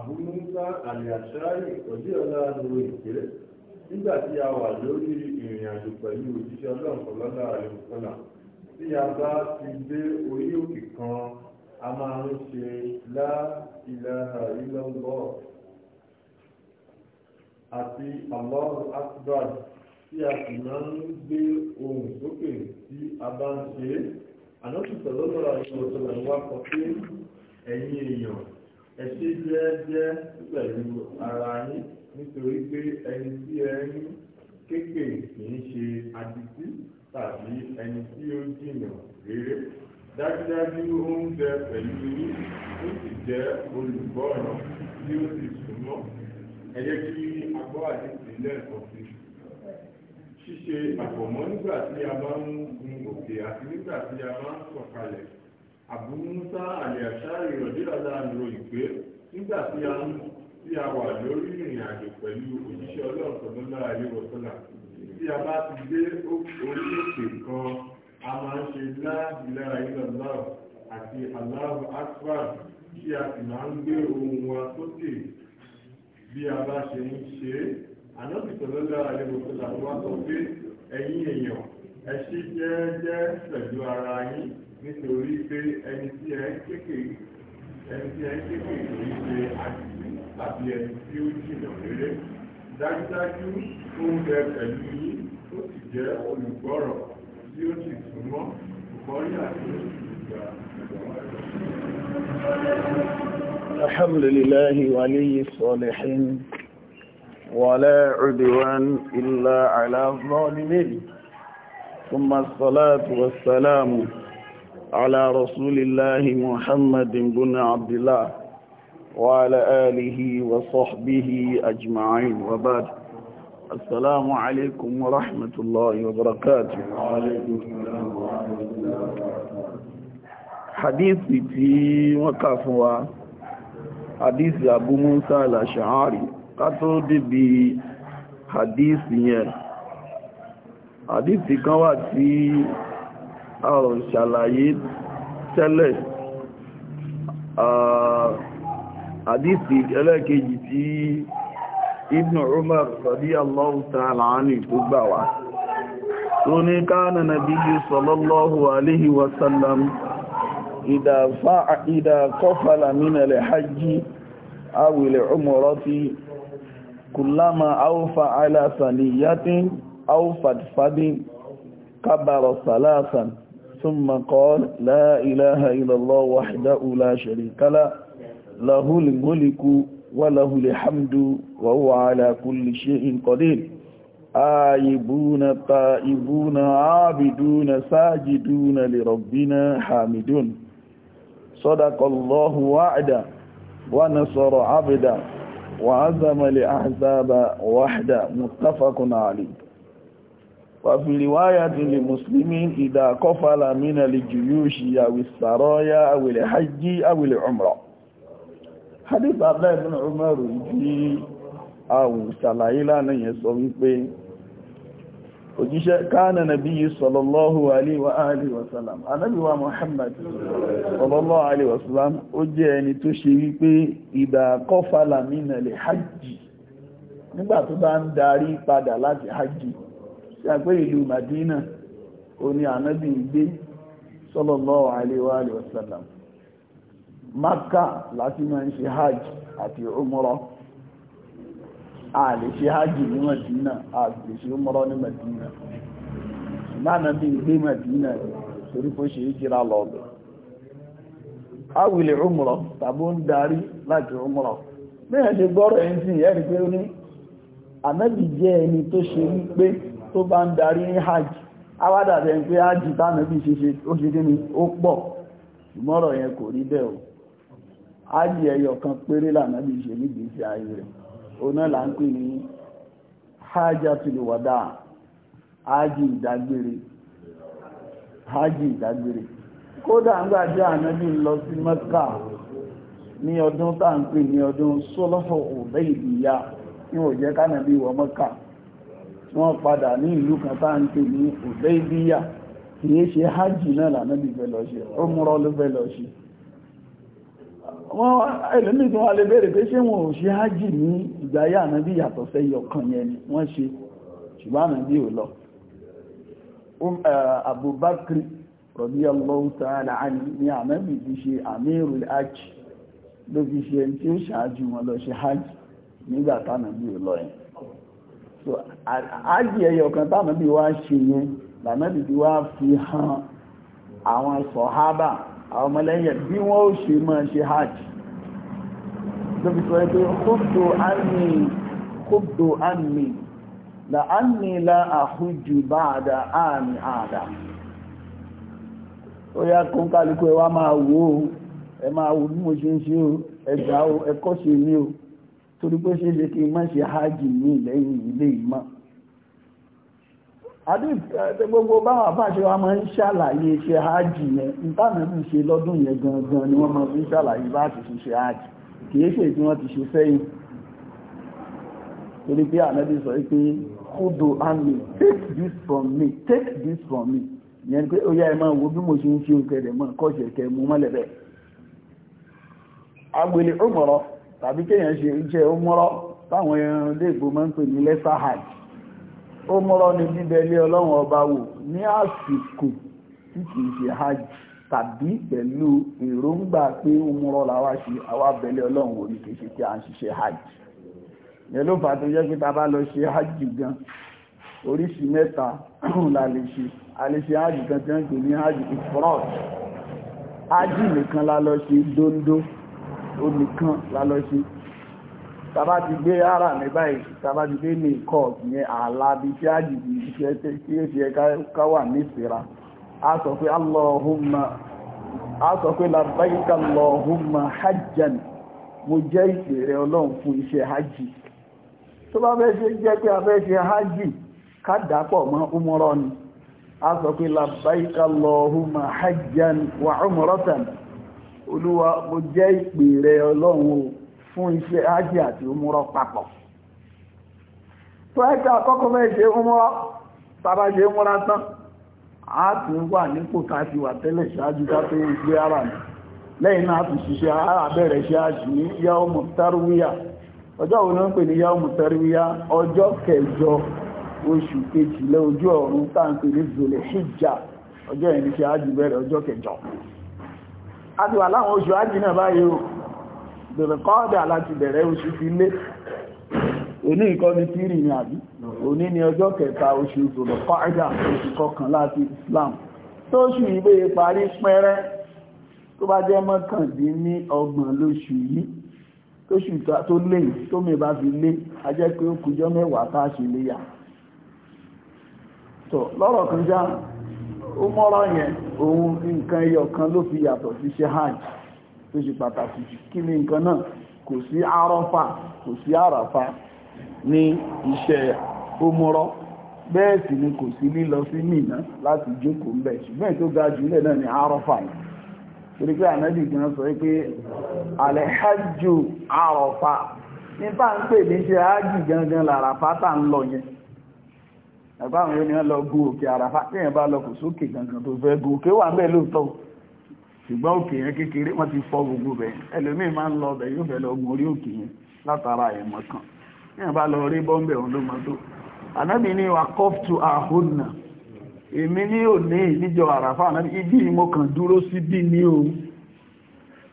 àbúmúta àlìàṣáyì òjì ọlá lórí ìpé nígbà tí a wà lórí ìrìn àjò pẹ̀lú òjíṣẹ́ ọlọ́nkọlọ́lá àlùkọ́là tí a bá ti dé orí òkè kan a máa ń ṣe lá ilaha illallah àti Allahu akbar tí a sì máa ń gbé ohùn sókè tí a bá ń ṣe ànátùsọ̀lọ́lọ́ àti ọ̀sọ̀lọ́ wa kọ pé ẹ̀yin èèyàn ẹ̀sí jẹ́ẹ́jẹ́ pẹ̀lú ara yín nítorí pé ẹni tí ẹ ń kéèké kì í ṣe adití tàbí ẹni tí ó jìnnà rere dájúdájú ó ń bẹ pẹ̀lú yín ó sì jẹ́ olùgbọ́ràn tí ó sì súnmọ́ ẹ jẹ́ kí agbọ́ àdìsí lẹ́ẹ̀kan sí i ṣíṣe àpọ̀mọ́ nígbà tí a bá ń gun òkè àti nígbà tí a bá ń sọ̀kalẹ̀ àbúmúsá àlẹ́àṣáì rọ̀dílọ́lá ròyìn pé nígbà tí a ń tí a wà lórí ìrìn àjò pẹ̀lú òjíṣẹ́ ọlọ́run tọ́lọ́lá ayéwọ̀sọ́là tí a bá ti dé orí òkè kan a máa ń ṣe láàbìlà ayélujára àti aláwọ̀ akbar tí a sì máa ń gbé ohun wa sókè bí a bá ṣe ń ṣe é ànábì tọ́lọ́lá ayéwọ̀sọ́là wá sọ pé ẹ̀yin èèyàn ẹ ṣí jẹ́ẹ́jẹ́ pẹ̀lú ara yín nítorí pé ẹni tí ẹ kékeré ẹni tí ẹ kékeré kìí ṣe àjùmí àti ẹni tí ó jìnà rere dájúdájú ó ń bẹ pẹ̀lú yín ó sì jẹ́ olùgbọ́rọ̀ tí ó sì súnmọ́ ìkọ́rí àti ìgbà الحمد لله ولي الصالحين ولا عدوان إلا على الظالمين ثم الصلاة والسلام على رسول الله محمد بن عبد الله وعلى آله وصحبه أجمعين وبعد السلام عليكم ورحمة الله وبركاته حديث في وقفوا حديث أبو موسى الأشعاري قطر بحديث حديث كان وقت a ò ṣàlàyé tẹ́lẹ̀ àdísì ẹlẹ́kejì tí ibn umar radiyallahu ta'ala anhu tó gbà wá tó ní káàna nabiyyu sallallahu alaihi wasallam ìdà kọfàlà mínàlẹ̀ hajji awìlẹ̀ umrati kùlámà áwùfà alásàníyàtín áwùfàdfàdín kábàrọ̀ sàlásàn ثم قال لا إله إلا الله وحده لا شريك له له الملك وله الحمد وهو على كل شيء قدير آيبون طائبون عابدون ساجدون لربنا حامدون صدق الله وعدا ونصر عبدا وعزم لأحزاب وحدا متفق عليه وفي رواية لمسلم إذا قفل من الجيوش أو السرايا أو الحج أو العمرة حديث عبد الله بن عمر يجي أو سلايلا يسوي به òjíṣẹ́ káàna nàbí sọ̀lọ́lọ́hù aléwà aléwàsálàm anábíwà Muhammad sọ̀lọ́lọ́hù aléwàsálàm ó jẹ́ ẹni tó ṣe wípé ìdàkọ́fàlàmínà lè hajji nígbà tó bá ń darí padà ṣàgbé ìlú Madina òní ànábì ìgbé sallallahu alaihi wa alihi láti máa ń ṣe hajj àti umrọ a lè ṣe Madina a lè ṣe umrọ ní Madina ìmáàna bí ìgbé Madina torí kó ṣe ìjìra lọ́ọ̀bẹ̀ awìlẹ̀ umrọ tàbí ń darí láti umrọ mẹ́rin gbọ́rọ̀ pé ó ní tó bá ń darí ní hajj awádàbẹ̀ pé hajj tánà bí ṣe ó ṣe kí ni ó pọ̀ tomorrow yẹn kò rí o hajj ẹyọ kan péré lànà bí ṣe níbi ìṣẹ́ ayé rẹ̀ oná là ń pè ní hajj ìdágbére hajj ìdágbére kódà ń ànábì lọ sí mẹ́kà ní ọdún ní ọdún sọ́lọ́fọ̀ ìdíyà ní wọ mẹ́kà wọ́n padà ní ìlú kan tá ń pè ní Hudaybiyya kìí ṣe hajj náà lànàbí fẹ́ lọ ṣe umrah ló fẹ́ lọ ṣe wọ́n ẹlòmí tó wà lè béèrè pé ṣé wọn ò ṣe hajj ní ìgbáyé ànábí yàtọ̀ sẹ́yọ kan yẹn ni wọ́n ṣe ṣùgbọ́n ànábí ò lọ um, Abubakar radiyallahu ta'ala anhu ni ànábí ò lọ so ájì ẹyọ kan táwọn bí wá ṣe yẹn lànàbì tí wá fi hàn àwọn sọ̀hábà àwọn ọmọlẹ́yìn bí wọ́n ó ṣe máa ṣe hajj lóbi sọ pé kóbdo àmì kóbdo àmì là àmì là àhújù bá àdá torí pé ṣe ṣe kí má ṣe hajj ní lẹ́yìn ilé ìmọ̀ àti gbogbo báwọn àfáṣe wa máa ń ṣàlàyé ṣe hajj yẹn ìtànà ti ṣe lọ́dún yẹn gangan ni wọ́n máa fi ṣàlàyé bá ti ṣe ṣe hajj kìí ṣe tí wọ́n ti ṣe sẹ́yìn torí pé ànábì sọ pé kúdò take this from me take this from me yẹn pé ó yá ẹ máa wo bí mo ṣe ń ṣe òkèdè mọ́ kọ́ṣẹ̀kẹ́ mú mọ́lẹ̀ bẹ́ẹ̀ agbèlè ó mọ̀rọ̀ tàbí kéèyàn ṣe iṣẹ́ ó mọ́rọ́ táwọn ẹran léègbò máa ń pè ní lẹ́sà hajj ó mọ́rọ́ ní bíbẹ̀ ilé ọlọ́run ọba wò ní àsìkò tí kìí ṣe hajj tàbí pẹ̀lú èròǹgbà pé ó mọ́rọ́ làwa ṣe àwa bẹ̀lẹ̀ ọlọ́run wò ní kìí ṣe pé à ń ṣiṣẹ́ hajj yẹn ló fà tó jẹ́ pé ta bá lọ ṣe hajj gan oríṣi mẹ́ta la lè ṣe a lè ṣe hajj kan tí wọ́n ń pè ní hajj ifrod hajj nìkan la lọ ṣe dóńdó onìkan lálọ́ sí tàbá ti gbé ara mi báyìí tàbá ti gbé ní ikọ̀ ìyẹn ààlà bí tí a jìdì iṣẹ́ tí ó ṣe káwà ní ìsira a sọ pé allahumma a sọ pé labbaika allahumma hajjan mo jẹ́ ìṣẹ̀rẹ̀ ọlọ́run fún iṣẹ́ hajji tó bá fẹ́ ṣe jẹ́ pé a ṣe hajji ká dàpọ̀ mọ́ umrọ́ ni a sọ pé labbaika allahumma hajjan wa umratan olúwa mo jẹ́ ìpè rẹ ọlọ́run fún iṣẹ́ ájì àti òmúrọ̀ papọ̀ tó ẹ́kà àkọ́kọ́ mẹ́ ṣe òmúrọ̀ tàbá ṣe a ti wà nípò ká ti wà tẹ́lẹ̀ ṣáájú ká tó gbé ara mi lẹ́yìn náà ti ṣiṣẹ́ ara bẹ̀rẹ̀ ṣe àṣì ní yaumu tarwiya ọjọ́ wo ni wọ́n pè ní yaumu tarwiya ọjọ́ kẹjọ oṣù kejìlá ojú ọ̀run táǹpẹ̀ ní zòlẹ̀ hijja ọjọ́ ìrìnṣẹ́ àjù bẹ̀rẹ̀ ọjọ́ a ti wà láwọn oṣù ájì náà báyìí o bẹ̀rẹ̀ kọ́ọ̀dà láti bẹ̀rẹ̀ oṣù fi lé òní ìkọ́ni tírì ní àbí òní ni ọjọ́ kẹta oṣù tòlọ̀ kọ́ọ̀dà oṣù kọkàn láti Islam tó oṣù ìgbé parí pẹ́rẹ́ tó bá jẹ́ mọ́kàndínní ọgbọ̀n lóṣù yìí tóṣù tó lé tó mẹ́ bá fi lé a jẹ́ pé ó kùjọ́ mẹ́wàá tá a ṣe léyà tọ̀ lọ́rọ̀ kan já ọmọrọ yẹn òun nǹkan ẹyọ kan ló fi yàtọ̀ sí ṣe hajj tó ṣe pàtàkì kí ni nǹkan náà kò sí arọ́fà kò sí àràfà ní iṣẹ́ umọ́rọ̀ bẹ́ẹ̀ sì ni kò sí lílọ sí Mínà láti jókòó mbẹ̀ ṣùgbọ́n tó ga jùlẹ̀ náà ni arọ́fà torí pé ànábì gan sọ pé nípa ń pè ní ṣe hajj gangan làràfà ń lọ yẹn ẹ̀bá àwọn ènìyàn lọ gún òkè àràfà tí èyàn bá lọ kò sókè gangan tó fẹ́ gún òkè wà ń bẹ̀ lóòótọ́ ṣùgbọ́n òkè yẹn kékeré wọ́n ti fọ́ gbogbo bẹ̀ ẹlòmíì máa ń lọ bẹ̀ yóò fẹ́ lọ gun orí òkè yẹn látara ẹ̀mọ̀ kan tí èyàn bá lọ rí bọ́m̀bẹ̀ òun ló mọ ànábì ní wa cup to our èmi ní òní níjọ àràfà ànábì ibi mo kàn dúró sí bí ní òun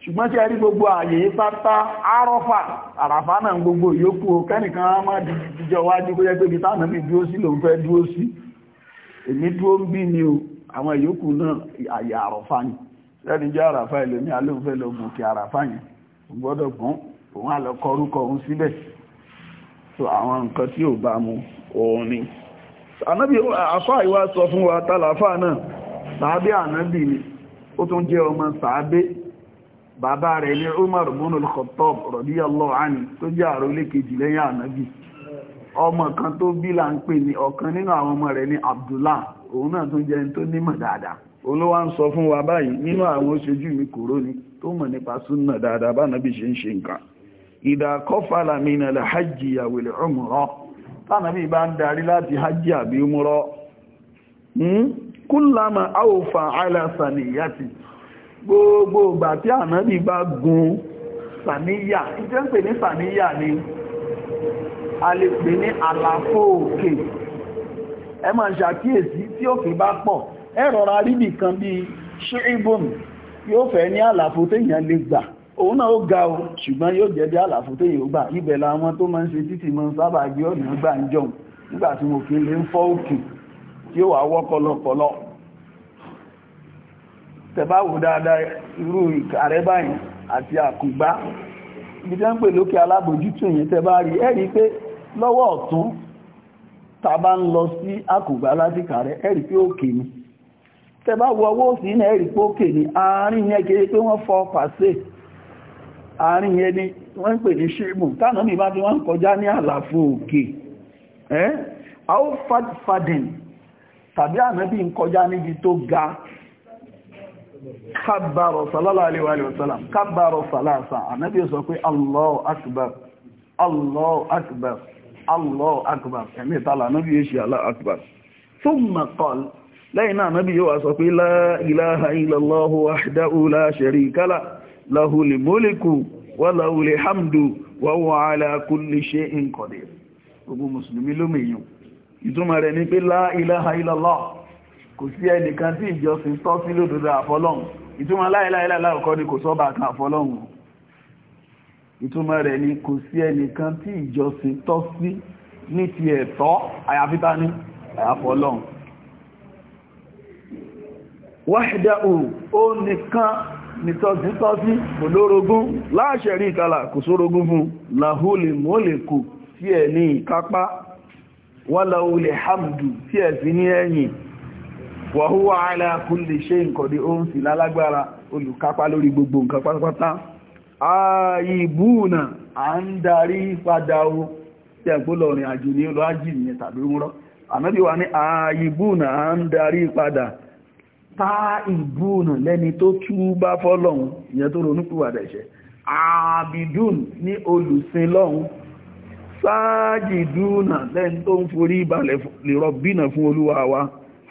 ṣùgbọ́n tí ẹrí gbogbo ààyè pátá àrọ́fà àràfà náà gbogbo yòókù kẹ́nìkan a máa dìjọ wájú kó jẹ́ pé ibi mi dúró sí lòun fẹ́ dúró sí èmi ń ni o àwọn yòókù náà ààyè àrọ́fà ni sẹ́ni jẹ́ àràfà ni sọ fún ni ó tún jẹ́ ọmọ sàábé bàbá rẹ̀ ní Umar ibn al-Khattab radiyallahu anhu tó jẹ́ àrólé kejì lẹ́yìn ànábì ọmọ kan tó bí là ń pè ní ọ̀kan nínú àwọn ọmọ rẹ̀ ní Abdullah òun náà tó jẹ́ tó nímọ̀ dáadáa olówá ń sọ fún wa báyìí nínú àwọn oṣojú mi kòró ni tó mọ̀ nípa súnà tánàbí bá ń darí láti hajj àbí umra hmm, kúlàmà áwòfà alásàníyàtì gbogbo ìgbà tí ànábì bá gun sàníyà ìjẹ́ ń pè ní sàníyà ni a lè pè ní àlàfo òkè ẹ máa ṣàkíyèsí tí òkè bá pọ̀ ẹ rọra rí nìkan bí ṣíríbùn yóò fẹ́ ní àlàfo téèyàn lè gbà òun náà ó ga o ṣùgbọ́n yóò jẹ́ bí àlàfo téèyàn ó gbà ibẹ̀ làwọn tó máa ń ṣe títì máa ń sábà gbé ọ̀nà gbà ń jọun nígbà tí mo kí lè ń fọ́ òkè tí ó wà wọ́ kọlọkọlọ tẹ̀báwò dáadáa irú ìkàrẹ́ báyìí àti àkùgbá ìgbìjẹ́ ń pè lókè alábòjútó yẹn tẹ́bá rí ẹ̀rí pé lọ́wọ́ ọ̀tún tàbá ń lọ sí àkùgbá láti kààrẹ. ẹ̀rí pé òkè ni tẹ́bá ọwọ́ òsì ní pé fọ pàṣẹ àárín wọ́n ń pè ní kábàrọ̀ sallallahu alaihi wa sallam kábàrọ̀ salasa ànábì sọ pé Allahu akbar Allahu akbar Allahu akbar ẹ̀mí ìtàlà ànábì yóò ṣe Allahu akbar thumma qala lẹ́yìn náà ànábì yóò wá sọ pé la ilaha illallahu wahdahu la sharika lah lahul mulku wa lahul hamdu wa huwa ala kulli shay'in qadir gbogbo mùsùlùmí ló mèyàn ìtumọ̀ rẹ̀ ní pé la ilaha kò sí ẹnìkan tí ìjọsìn tọ́ sí lódodo àfọlọ́hun ìtumọ̀ láìláìláìlá ọ̀kọ́ ni kò sọ́bà kan àfọlọ́hun ìtumọ̀ rẹ̀ ni kò sí ẹnìkan tí ìjọsìn tọ́ sí ní ti ẹ̀tọ́ àyàfíta ní àfọlọ́hun wáhídáhù ó nìkan nìtọ́sí tọ́sí kò lórogún láàṣẹ̀rí ìkàlà kò sórogún fún làhúlì mólèkù tí ẹ̀ ní hamdu tí ẹ̀ sí ní ẹ̀yìn wàhúwà aláàkúnlè ṣe nǹkan dé oún sí lálágbára lori gbogbo nkan pátápátá ààyìbúùnà à ń darí padà o tí ẹ̀kú lọ ní olú ájì nìyẹn tàbí múrọ́ ànábì wà ní ààyìbúùnà à ń darí padà Abidun ń wa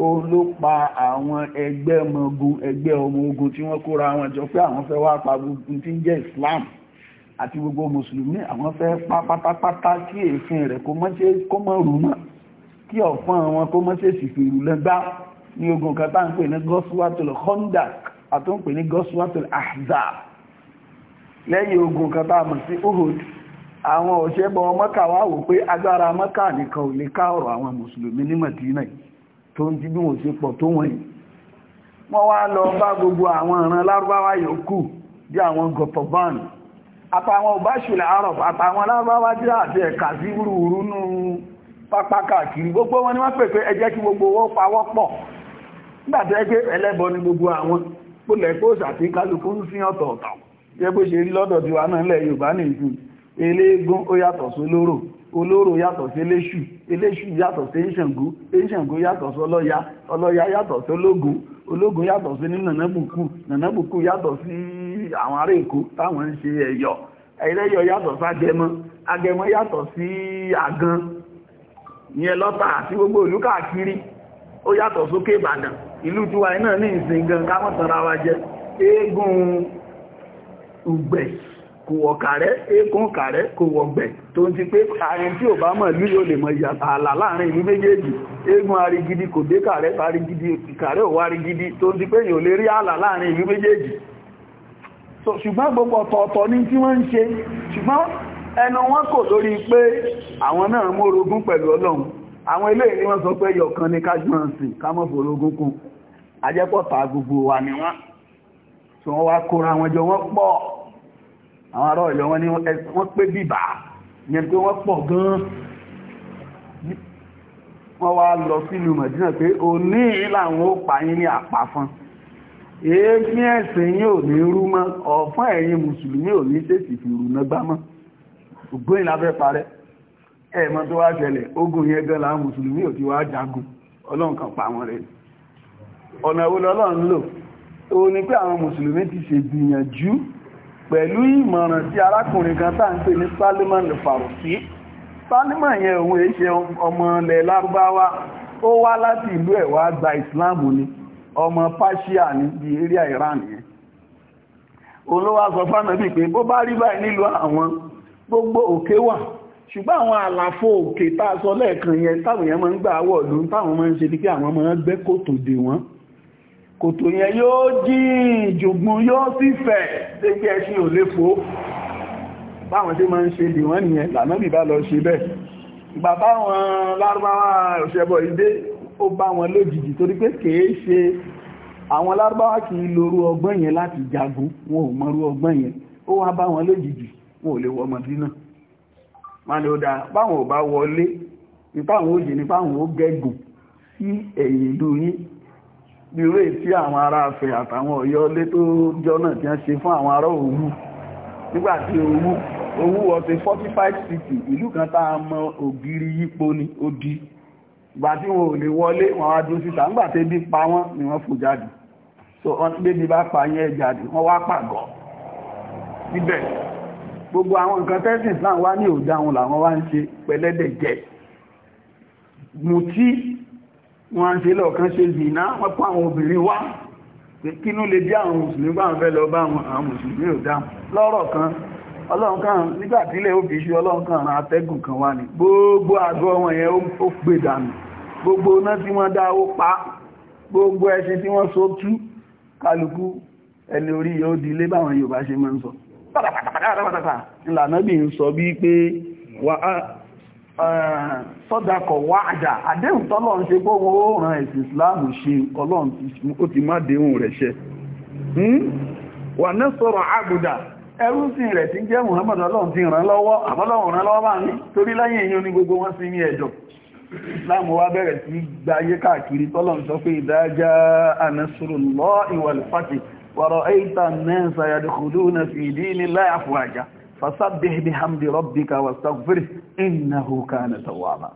ló pa àwọn ẹgbẹ́ ọmọ ogun ẹgbẹ́ ọmọ ogun tí wọ́n kóra wọn jọ pé àwọn fẹ́ wá pa gbogbo tí ń jẹ́ Islam àti gbogbo mùsùlùmí àwọn fẹ́ pa pátápátá kí èéfín rẹ̀ kó mọ́ ṣe kó mọ́ rú mọ́ kí ọ̀fọ́n wọn kó mọ́ ṣe sìfèrú lẹ́gbá ní ogun kan tá ń pè ní goswatul Khandak àti ń pè ní goswatul Ahzab lẹ́yìn ogun kan mọ̀ sí Uhud àwọn òṣèbọ̀ Mọ́kà wá wò pé agbára Mọ́kà nìkan ò lè ká ọ̀rọ̀ àwọn mùsùlùmí ní Mọ̀dínà yìí tó ń ti bí wọ́n ṣe pọ̀ tó yìí. wọ́n wá lọ bá gbogbo àwọn ìran lárúbáwá yòókù bí àwọn gọ̀tọ̀bán àtàwọn òbáṣùlẹ̀ àrọ̀ àtàwọn lárúbáwá jẹ́ àti ẹ̀ka sí wúrúwúrú nú pápá káàkiri gbogbo wọn ni wọ́n pè kí gbogbo pawọ́ pọ̀ nígbà tó ẹlẹ́bọ ni gbogbo àwọn pólẹ̀ kálukú ọ̀tọ̀ọ̀tọ̀ jẹ́ ṣe rí lọ́dọ̀ tiwa náà Yorùbá nìyí ó yàtọ̀ sí eléṣù yàtọ̀ sí ẹ̀ṣàngó ẹ̀ṣàngó yàtọ̀ sí ọlọ́ya ọlọ́ya yàtọ̀ sí ológun ológun yàtọ̀ sí ní nànábùkù nànábùkù yàtọ̀ sí àwọn ará èkó táwọn ń ṣe ẹ̀yọ̀ ẹlẹ́yọ̀ yàtọ̀ sí agẹmọ agẹmọ yàtọ̀ sí àgàn ìyẹn lọ́tà àti gbogbo ìlú káàkiri ó yàtọ̀ sókè ìbàdàn ìlú tiwa náà ní ìsìn gan kámọ́tàn ra wa jẹ eégún ùgbẹ̀ kò wọ̀ kàrẹ́ eékún kàrẹ́ kò wọ̀ gbẹ̀ tó ń ti pé ààrin tí ò bá mọ̀ ìlú yóò lè mọ̀ ìyàtà àlà láàrin ìlú méjèèjì eégún arigidi kò dé arigidi kàrẹ́ ò arigidi tó ń ti pé yóò lè rí àlà láàrin ìlú méjèèjì ṣùgbọ́n gbogbo ọ̀tọ̀ọ̀tọ̀ ní tí wọ́n ń ṣe ṣùgbọ́n ẹnu wọn kò lórí pé àwọn náà mórogún pẹ̀lú ọlọ́run àwọn ilé wọ́n sọ pé yọ̀kan ní kájúmọ̀sì kún ajẹ́pọ̀ta gbogbo àwọn ará Ọ̀yọ́ wọn ni wọ́n pé bíbà yẹn pé wọ́n pọ̀ gan wọ́n wá lọ sílùú Mẹ̀dínà pé o ní ìlànà ó pa yín ní àpàfọn èéfín ẹ̀sìn yín ò ní rú mọ́ ọ̀fún ẹ̀yin mùsùlùmí ò ní tèsì fi rù nágbá mọ́ ògbóyìn lábẹ́ parẹ́ ẹ̀mọ́ tó wá ṣẹlẹ̀ ogun yẹn gan láwọn mùsùlùmí ò ti wá jagun ọlọ́run kan pa wọn rẹ̀ ọ̀nà wo lọ́lọ́run lò ó ní pé àwọn mùsùlùmí ti ṣègbìyànjú pẹ̀lú ìmọ̀ràn tí arákùnrin kan tá ń pè ní Salman Farsi Salman yẹn òun èṣe ọmọ ilẹ̀ lárúbáwá ó wá láti ìlú ẹ̀ wá gba Islam ni ọmọ Persia ní bí area Iran yẹn olówó sọ fánàbí pé bó bá rí báyìí nílùú àwọn gbogbo òkè wà ṣùgbọ́n àwọn àlàfo òkè tá a sọ lẹ́ẹ̀kan yẹn táwọn yẹn máa ń gbà wọ̀ lóhun táwọn máa ń ṣe ni pé àwọn máa ń gbẹ́ dè wọ́n kòtò yẹn yóò jí ìjògùn yóò sì fẹ̀ débi ẹṣin ò lè fò báwọn tí máa ń ṣe lè wọ́n nìyẹn lànà bìbá lọ ṣe bẹ́ẹ̀ bàbá wọn lárúbáwá òṣèbọ̀ ìdé ó bá wọn lójijì torí pé kèé ṣe àwọn lárúbáwá kì í lórú ọgbọ́n yẹn láti jagun wọn ò mọrú ọgbọ́n yẹn ó wá bá wọn lójijì wọn ò lè wọ Mọdínà ni ìró tí àwọn ará afẹ́ àtàwọn ọ̀yọ́ lé tó jọ́nà tí wọ́n ṣe fún àwọn ará Òwu nígbàtí Òwu Òwu ọ̀tẹ̀ 45 city ìlú kan tá a mọ ògiri yípo ni odi ìgbà tí wọn ò lè wọlé wọn wá dúró síta nígbàtí ebi pa wọ́n ni wọ́n fò jáde so wọ́n ti gbébi bá pa yẹn jáde wọ́n wá pàgọ́ síbẹ̀ gbogbo àwọn nǹkan tẹ́sìn Islam wá ní òdáhùn làwọn wá ń ṣe pẹ̀lẹ́dẹ̀ jẹ mutí wọ́n ń ṣe lọ́ọ̀kan ṣe zìnà wọ́n kó àwọn obìnrin wá kínú lè bí àwọn mùsùlùmí bá ń fẹ́ lọ bá àwọn mùsùlùmí ò dáhùn lọ́rọ̀ kan ọlọ́run kan nígbàtílẹ̀ ó bí ṣe ọlọ́run kan ran atẹ́gùn kan wá ní gbogbo àgọ́ wọn yẹn ó pè dànù gbogbo iná tí wọ́n dá ó pa gbogbo ẹṣin tí wọ́n so tú kálukú ẹni orí yóò di ilé báwọn Yorùbá ṣe máa ń sọ pátápátápátá ńlànà bí ń sọ sọ́dakọ̀ wáàdà àdéhùn tọ́lọ́run ṣe gbogbo òòrùn ẹ̀sìn islam ṣe ọlọ́run ó ti má déhùn rẹ̀ ṣẹ wà ní sọ̀rọ̀ àgùdà ẹrúsìn rẹ̀ tí jẹ́ muhammadu ọlọ́run ti ràn lọ́wọ́ àmọ́lọ́run ràn lọ́wọ́ ní torí fasabbih bihamdi rabbika wastaghfir innahu kana tawwaba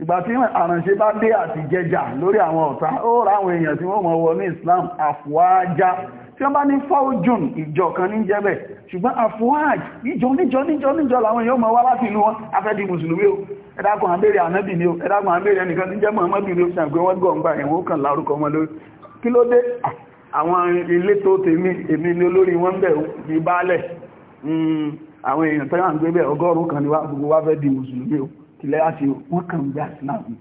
ìgbà tí àrànṣe bá dé àti jẹjà lórí àwọn ọ̀tá ó ra àwọn èèyàn tí wọ́n mọ̀ wọ ní Islam afuwaja tí wọ́n bá ní faujun ìjọ kan ní jẹ́bẹ̀ ṣùgbọ́n afuwaj ìjọ níjọ níjọ níjọ làwọn èèyàn mọ̀ wá láti ìlú wọn afẹ́dí mùsùlùmí o ẹ̀dàkùn àbẹ̀rẹ̀ ànábì ni o ẹ̀dàkùn àbẹ̀rẹ̀ nìkan ní jẹ́ mọ̀ọ́mọ́bì ni o ṣàgbé wọ́n gọ̀ǹgbà ẹ̀wọ̀n kan lárúkọ ọmọ lórí kí ló dé àwọn ilé tó tèmi èmi ni olórí wọn bẹ̀ ní baálẹ̀ àwọn èèyàn tẹ́yà ń gbé ún kan wá gbogbo wá fẹ́ di musulmi o kì wọ́n kàn gbà síláàmù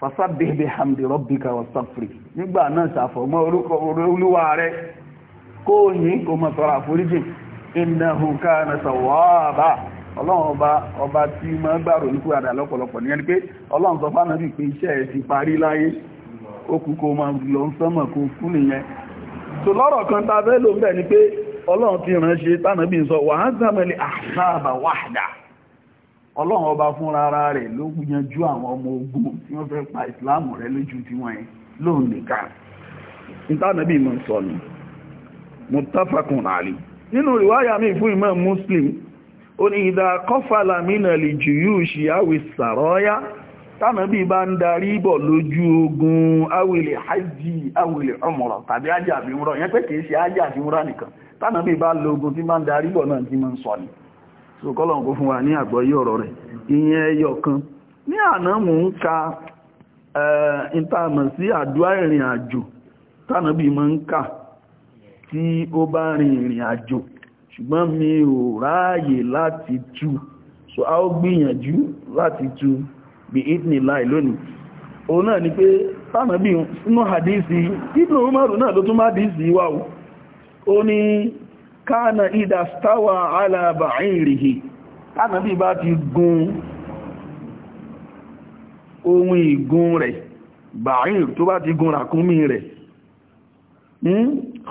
fasabbih bihamdi rabbika wastaghfir nígbà náà ṣàfọ̀mọ́ orúkọ olúwa rẹ̀ kó yìn kó mọ̀ tọrọ àforíjì innahu kana tawwaba ọlọ́run ọba tí gbàrò ní ní ẹni pé ọlọ́run sọ fánà pé iṣẹ́ ẹ̀ ti parí láyé ó kú kó lọ kó kú nìyẹn lọ́rọ̀ kan ta fẹ́ ọlọ́run ti ránṣẹ́ tánàbí sọ wà á sàmẹ́lẹ̀ àṣàbà wàdà ọlọ́run ọba fúnra ara rẹ̀ ló yanjú àwọn ọmọ ogun tí wọ́n fẹ́ pa ìsìláàmù rẹ̀ lójú tí wọ́n yẹn lóun nìkan ìtànàbí mọ̀ sọnù mutafakun ali nínú ìwáyà mi fún imam muslim ó ní ìdá kọfàlà mínà lè jù yóò ṣe àwì sàrọ́yá tánàbí bá ń darí bọ̀ lójú ogun awìlẹ̀ hajji awìlẹ̀ umrah tàbí ajá àbí umrah yẹn pé kìí ṣe ajá àbí umrah nìkan tánàbí bá lógun tí máa ń darí bọ̀ náà tí máa ń sọ ni so kọ́lọ̀n kó fún wa ní àgbọ̀ àgbọ́yé ọ̀rọ̀ rẹ̀ ìyẹn ẹyọ kan ní àná mò ń ka ìtàmọ̀ eh, sí àdúrà ìrìn àjò tánàbí máa ń kà tí ó bá rìn ìrìn àjò ṣùgbọ́n mi ò ráàyè láti tú so a ó gbìyànjú láti tú bí ìtìní láì lónìí òun náà ni pé tánàbí nínú hadisi Ibn Umar náà ló tún má hadisi wá ó ní káànà ìdà stáwà alàbà ìrìhì Ànábì bá ti gun ohun ìgun rẹ̀ bàáyìn tó bá ti gun ràkúnmí rẹ̀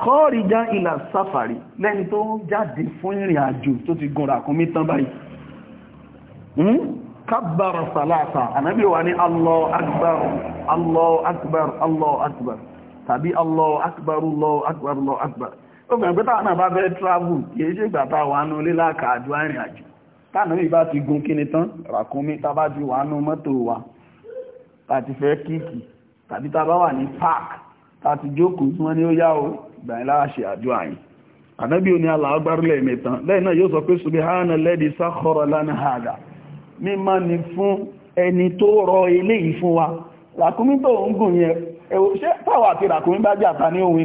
kọ́ọ̀rì já ìlà sáfàrí lẹ́ni tó jáde fún ìrìn àjò tó ti gun ràkúnmí tán báyìí hmm, kabbara salata Ànábì wá ní Allahu akbar Allahu akbar Allahu akbar ó gbàgbé táwọn náà bá fẹ́ travel kìí ṣe ìgbà tá wà nú lílàkà àjò àrìn àjò táwọn náà bá ti gun kíni tán ràkúnmí tá ti wà mọ́tò wa tàti fẹ́ kíkì tàbí tá bá wà ní park tàti jókòó tí wọ́n ní ó yá o ìgbà yẹn láà ṣe àjò àyìn ànábì ò ní aláàgbárúlẹ̀ mẹ́tàn lẹ́yìn náà yóò sọ pé subhana lẹ́dí sáhọ́rọ̀ lánàá hàdà mímọ́ ni fún ẹni tó rọ eléyìí fún wa ràkúnmí tó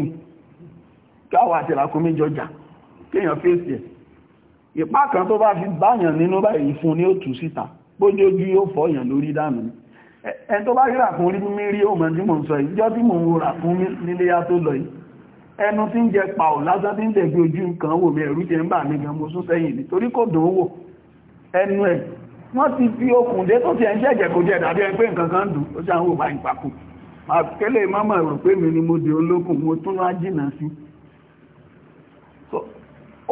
ń káwà àti ìlàkúnmí jọjà kéèyàn fèsì ẹ̀ ìpá kan tó bá fi báyàn nínú báyìí fún ní ó tù síta bójójú yóò fọ́yàn lórí dànù ni ẹni tó bá rí ràkún rí mímí rí ó mọ̀ tí mò ń sọ ìjọ́ tí mò ń wo ràkún nílé yá tó lọ ẹnu tí ń jẹ pàò lásán tí ń tẹ̀gbé ojú nǹkan wò mí ẹ̀rú jẹ ń bà mí gan mo sún sẹ́yìn ni torí kò dùn wò ẹnu ẹ̀ wọ́n ti fi okùn dé tó ti ẹ̀ ń jẹ́jẹ̀ kò jẹ́ dàbí ẹni pé nǹkan kan dùn ó ṣàwọn òbá ìpapò àkẹ́lẹ̀ mọ́mọ́ rò pé mi ni mo dé olókùn mo tún wá jìnnà sí i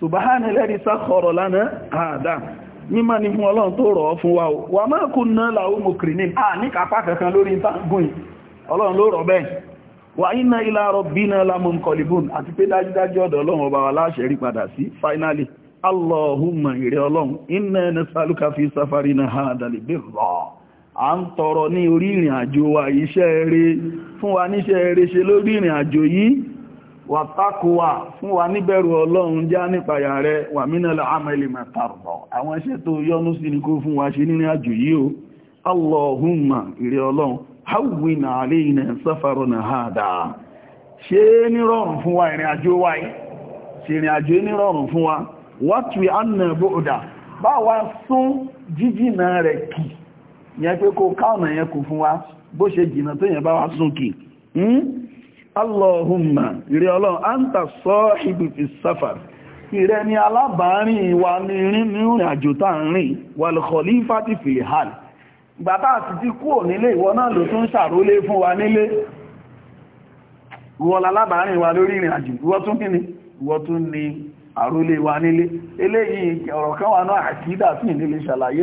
subahana lẹ́ni sákọ̀rọ̀ lánàá àdá mímọ́ ni fún ọlọ́run tó rọ̀ fún wa wà máa kú ná láwọ́ mọ̀kìrìní à ní kàpá kankan lórí ìtàgùn ọlọ́run ló rọ̀ bẹ́ẹ̀ wà iná ilá rabbina lámúnkọlìbùn àti pé dájúdájú ọ̀dọ̀ ọlọ́run ọba wa láṣẹ rí padà sí finally allahumma ìrẹ́ ọlọ́run iná ẹni sálúkà fi sáfàrí na ha dàlìbí rọ̀ à ń tọrọ ní orí ìrìn wa iṣẹ́ eré fún wa níṣẹ́ eré ṣe lórí ìrìn àjò yìí wà tákùwà fún wa níbẹ̀rù ọlọ́run já nípa yà rẹ wà mínàlá àmàlì mẹ́tàrọ̀ àwọn iṣẹ́ tó yọ́nú sí ni kó fún wa ṣe nínú àjò yìí o allahumma ìrẹ́ ọlọ́run hawwin alayna safarana hada ṣe nírọ̀rùn fún wa ìrìn wa ṣe ìrìn nírọ̀rùn fún wa wátùí anna bóòdà bá wa sún jíjìnà rẹ̀ kì yẹn pé kó káọ̀nà yẹn kù bó ṣe jìnà tó yẹn bá wa Allahumma ire ọlọ́run anta sahibu fi safar ìrẹ ni alábàárín wa ní rin ní ìrìn àjò tá rìn wal khalifati fil hal gbàtà àti tí kúrò nílé ìwọ náà ló tún ṣàrólé wa nílé wọ́n alábàárín wa lórí ìrìn àjò ìwọ tún kíni ìwọ tún ní àrólé wa nílé eléyìí ọ̀rọ̀ kan wà náà àkídà sí ìdílé ṣàlàyé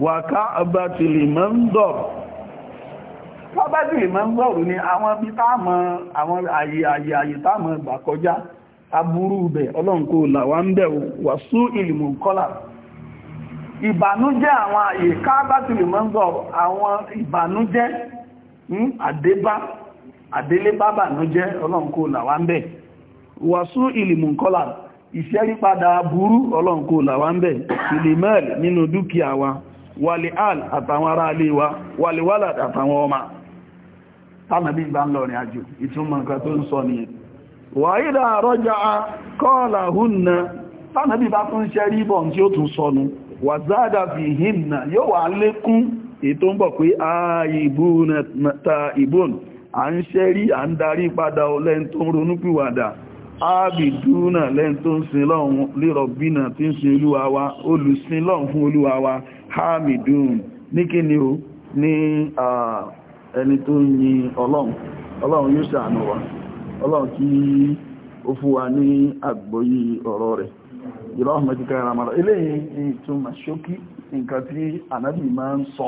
wà káàbátìlì mọ́ndọ̀rù káàbátìlì mọ́ndọ̀rù ni àwọn bí táàmọ́ àwọn àyè àyè àyè táàmọ́ gbà kọjá aburú bẹ̀ ọlọ́nkó làwà hmm, ń bẹ̀ wà sú ìlìmù kọ́là ìbànújẹ́ àwọn àyè káàbátìlì mọ́ndọ̀rù àwọn ìbànújẹ́ àdébá àdélébá bànújẹ́ ọlọ́nkó làwà ń bẹ̀ wà sú ìlìmù kọ́là ìṣẹ́rípadà aburú ọlọ́nkó làwà ń bẹ̀ ìlìmẹ́ẹ̀lì nínú dúkìá wa wàlì al àtàwọn ará alé wa wàlì wàlà àtàwọn ọmọ tánàbí gbá ń lọ rìn àjò ìtumọ̀ nǹkan tó ń sọ nìyẹn wàídà rọ́jà kọ́ọ̀là húnna tánàbí bá tún ṣẹ́ ríbọ̀ tí ó tún sọnù wà záàdà fi hìnnà yóò wà lékún ètò ń bọ̀ pé ààyìbónata ìbòn hamidun ní kí ni ó ní ẹni tó ń yin ọlọ́run ọlọ́run yóò ṣàánú wa ọlọ́run kí ó fún wa ní àgbọ́yí ọ̀rọ̀ rẹ̀ ìrọ́hùnmẹ́tíkà nǹkan tí sọ tí hmm, tó sọ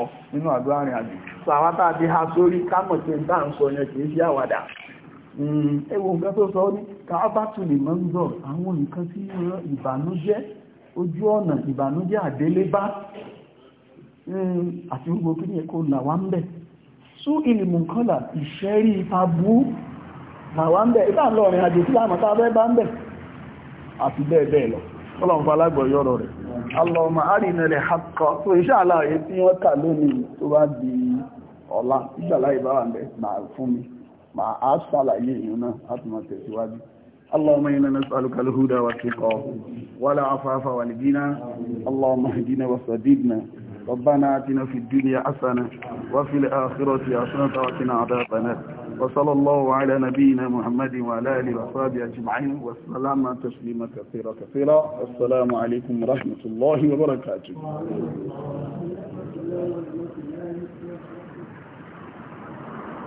lè mọ́ ń àwọn nǹkan tí ìbànújẹ́ ojú ọ̀nà ìbànújẹ́ àdélébá Mm, àti gbogbo kí ní ẹkọ́ làwá ń bẹ̀ sú ìlìmù kọ́là ìṣẹ́rí ipa bú làwá ń bẹ̀ ìbá lọ́rin àjò tí láàmà tá bẹ́ bá ń bẹ̀ àti bẹ́ẹ̀ bẹ́ẹ̀ lọ ọlọ́run falágbọ̀ yọ́rọ̀ rẹ̀ alọ́ọ̀mà tó iṣẹ́ tí wọ́n kà lónìí tó bá di ọ̀la iṣẹ́ aláàrẹ bá wà ń bẹ̀ máa fún mi máa sàlàyé ìyún náà láti máa tẹ̀síwájú اللهم إنا نسألك الهدى والتقى ولا عفاف والدينا اللهم اهدنا ربنا آتنا في الدنيا حسنة وفي الآخرة حسنة وقنا عذاب النار وصلى الله على نبينا محمد وعلى آله وصحبه أجمعين والسلام تسليما كثيرا كثيرا السلام عليكم ورحمة الله وبركاته